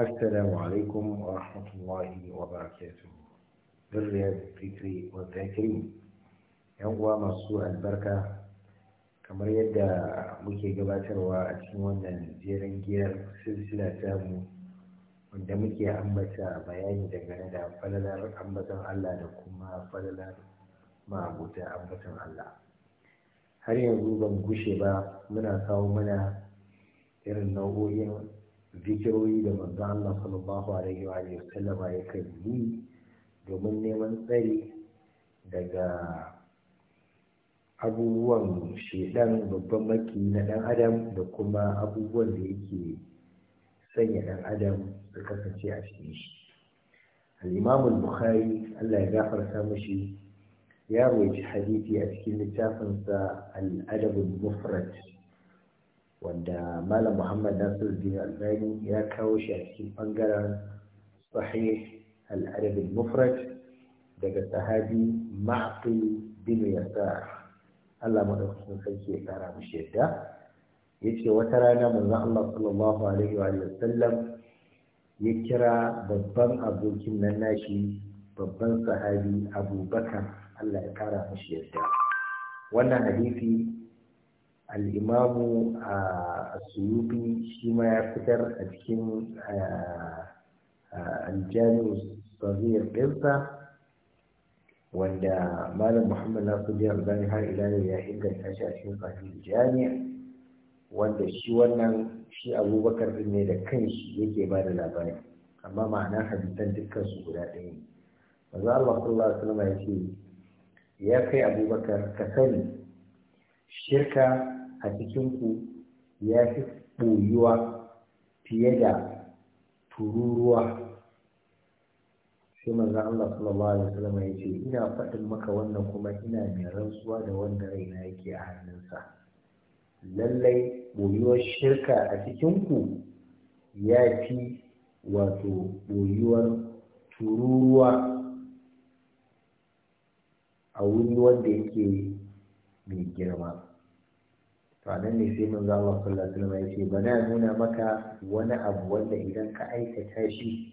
السلام عليكم wa الله وبركاته ذرية الفكر 'Yan uwa masu albarka. kamar yadda muke gabatarwa a cikin wannan jerin giyar silsila mu, wanda muke ambata bayani dangane da falalar ambatan Allah da kuma falalar ma'abuta ambatan Allah har yanzu ban gushe ba muna kawo mana irin nau'o'in zikirori da manzo Allah sallallahu alaihi wa sallama yakan yi domin neman tsari daga abubuwan shedan babban maki na dan adam da kuma abubuwan da yake sanya dan adam su kasance a cikin shi al-imam al-bukhari Allah ya gafarta mishi ya rawaita hadisi a cikin littafinsa al-adab al-mufrad wanda malam muhammad nasir bin albani ya kawo shi a cikin bangaren sahih al-arab mufrad daga sahabi ma'qil bin yasar Allah madaukakin sarki ya kara mu yadda yace wata rana manzo Allah sallallahu alaihi wa sallam ya kira babban abokin nan nashi babban sahabi Abu Bakar Allah ya kara mishi yadda wannan hadisi al'imamu a suyubi shi ma ya fitar a cikin aljami'u sahihar ɗinsa wanda malam muhammad nasiru zai har ila ya inganta shi a cikin sahihar jami'a wanda shi wannan shi abubakar ɗin ne da kanshi yake ba da labari amma ma'ana hadisan dukkan su guda ɗaya ne manzo Allah sallallahu alaihi wasallam ya ce ya kai abubakar ka sani shirka a cikinku ya fi ɓoyuwa fiye da tururuwa sai maza Allah sallallahu alaihi wasallam ya ce ina faɗin maka wannan kuma ina mai rantsuwa da wanda raina yake a hannunsa lallai ɓoyuwar shirka a cikinku ya fi wato ɓoyuwar tururuwa a wuri wanda yake mai girma to ne sai mun Allah sallallahu alaihi ya ce bana nuna maka wani abu wanda idan ka aikata shi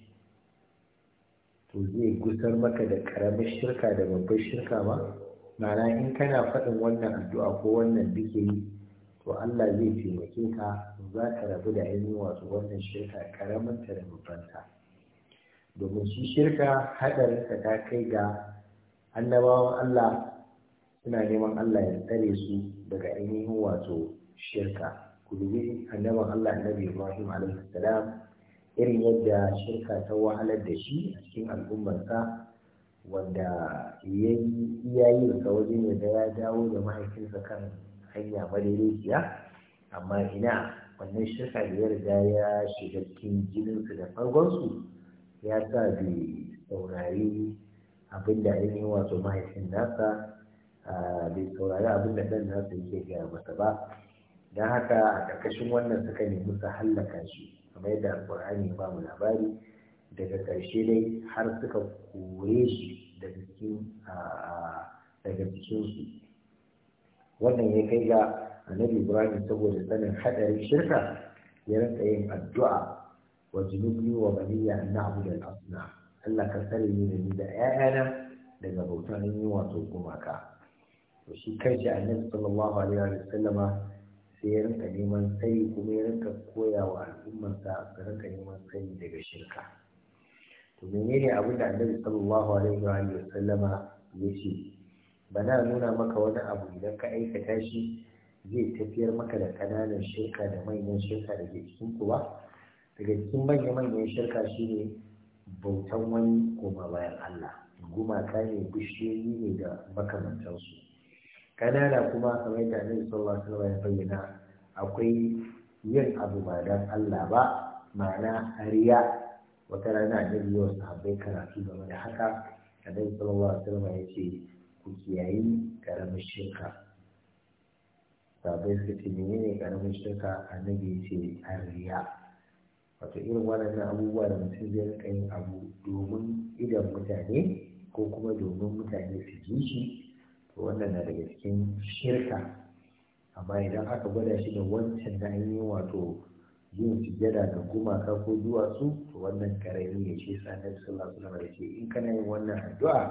to zai gusar maka da karamin shirka da babbar shirka ba ma'ana in kana faɗin wannan addu'a ko wannan zikiri to Allah zai taimake ka za ka rabu da ainihin wasu wannan shirka ta da babban ta. domin shi shirka ka ta kai ga annabawan Allah suna neman Allah ya tsare su daga ainihin wato shirka ku dubi annaban Allah annabi Ibrahim alaihi salam irin yadda shirka ta wahalar da shi a cikin al'ummarsa wanda ya yi iyayensa wajen da ya dawo da mahaifinsa kan hanya madaidaiciya amma ina wannan shirka da ya riga ya shiga cikin jininsu da fargonsu? ya sa bai saurari abin da ainihin wato mahaifin nasa Ah, bai saurari abin da ɗan nasa yake gaya masa ba don haka a ƙarƙashin wannan suka nemi su hallaka shi kamar yadda alƙur'ani ba mu labari daga ƙarshe dai har suka kore shi daga cikin ah, daga cikinsu wannan ya kai ga annabi ibrahim saboda sanin haɗarin shirka ya rinka yin addu'a wa jinubi wa baniya na abu da asnam Allah ka tsare ni da ni da 'ya'yana daga bautan yin wato gumaka to shi kanshi annabi sallallahu alaihi wa sallama sai ya rinka neman sani kuma ya rinka koya wa al'ummarsa su rinka neman sani daga shirka to menene abin da annabi sallallahu alaihi wa sallama ya ce bana nuna maka wani abu idan ka aikata shi zai tafiyar maka da kananan shirka da manyan shirka da ke cikin ba daga cikin manya-manyan shirka shine bautan wani koma bayan Allah gumaka ne bishiyoyi ne da makamantansu kanana kuma kamar yadda annabi sallallahu alaihi wasallam ya bayyana akwai yin abu ba dan Allah ba ma'ana ariya wata rana da biyo sahabbai karatu game da haka annabi sallallahu alaihi wasallam ya ce ku kiyayi karamin shirka sahabbai suka ce menene karamin shirka annabi ya ce ariya wato irin waɗannan abubuwa da mutum zai rika yin abu domin idan mutane ko kuma domin mutane su ji shi wannan na daga cikin shirka amma idan aka gwada shi da wancan da an yi wato yin sujjada da gumaka ko duwatsu to wannan karami ne shi sa na sallallahu alaihi wasallam ce in kana yin wannan addu'a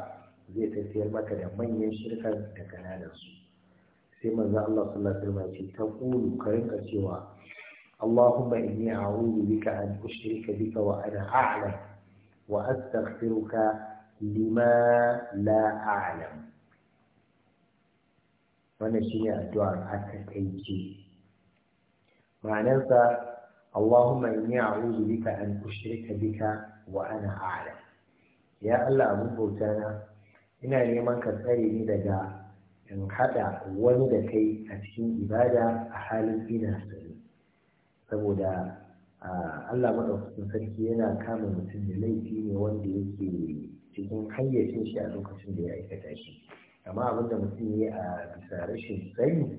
zai tafiyar maka da manyan shirka da kananan su sai manzo Allah sallallahu alaihi wasallam ce ta kulu ka rinka cewa Allahumma inni a'udhu bika an ushrika bika wa ana a'lam wa astaghfiruka lima la a'lam wannan shine addu'ar atakaice ma'anarsa Allahumma inni a'udhu bika an ushrika bika wa ana ala ya Allah abun bauta na ina neman ka tsare ni daga in hada wani da kai a cikin ibada a halin ina sani saboda Allah maɗaukakin sarki yana kama mutum da laifi ne wanda yake cikin hayyacin shi a lokacin da ya aikata shi amma abin da mutum ya a bisa rashin sani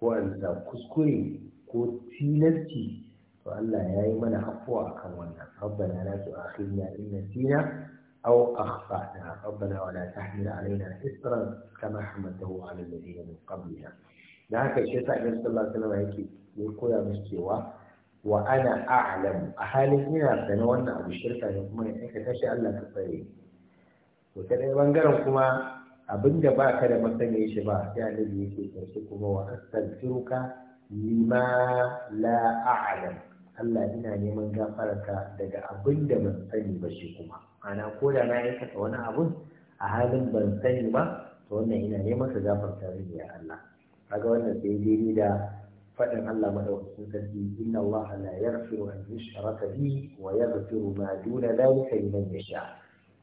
ko a bisa kuskure ko tilasti to Allah ya yi mana afuwa akan wannan rabbana la tu'akhidna in nasina aw akhtana rabbana wa la tahmil alaina isran kama hamaltahu ala alladhina min qablina da haka shi yasa annabi sallallahu alaihi wasallam yake ya koya musu cewa wa ana a'lamu a halin ina sane wannan abu shirka ne kuma ya aikata shi Allah ta tsare to ta ɗaya bangaren kuma abin da ba ka da masaniyar shi ba ya annabi yake karshe kuma wa astaghfiruka lima la a'lam Allah ina neman gafararka daga abin da ban sani ba shi kuma ana ko da na aikata wani abun a halin ban sani ba to wannan ina neman ka gafarta mini ya Allah kaga wannan sai dai da faɗin Allah madaukakin sarki inna Allah la yaghfiru an yushraka bihi wa yaghfiru ma duna dhalika liman yasha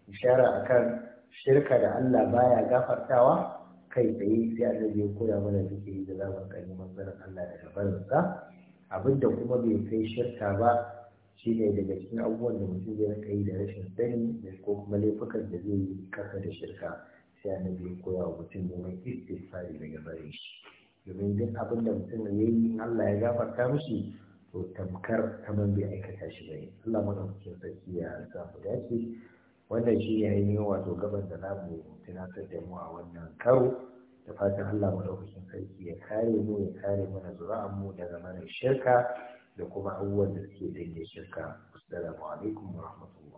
ishara akan shirka da Allah baya gafartawa kai tsaye sai Allah zai koya mana yi da za mu gani manzanin Allah daga barinsa abinda kuma bai kai shirka ba shine daga cikin abubuwan da mutum zai rika yi da rashin sani da ko kuma laifukan da zai yi kasa da shirka sai Allah zai koya wa mutum neman istifari daga bare shi domin duk abin da mutum ya yi in Allah ya gafarta mishi to tamkar kamar bai aikata shi ba. Allah madaukakin sarki ya sa mu dace wannan shi ya yi wato gaban da za mu tunatar da mu a wannan karo da fatan Allah maɗaukakin sarki ya kare mu ya kare mana zura'an mu daga mara shirka da kuma abubuwan da suke da shirka assalamu alaikum wa rahmatullah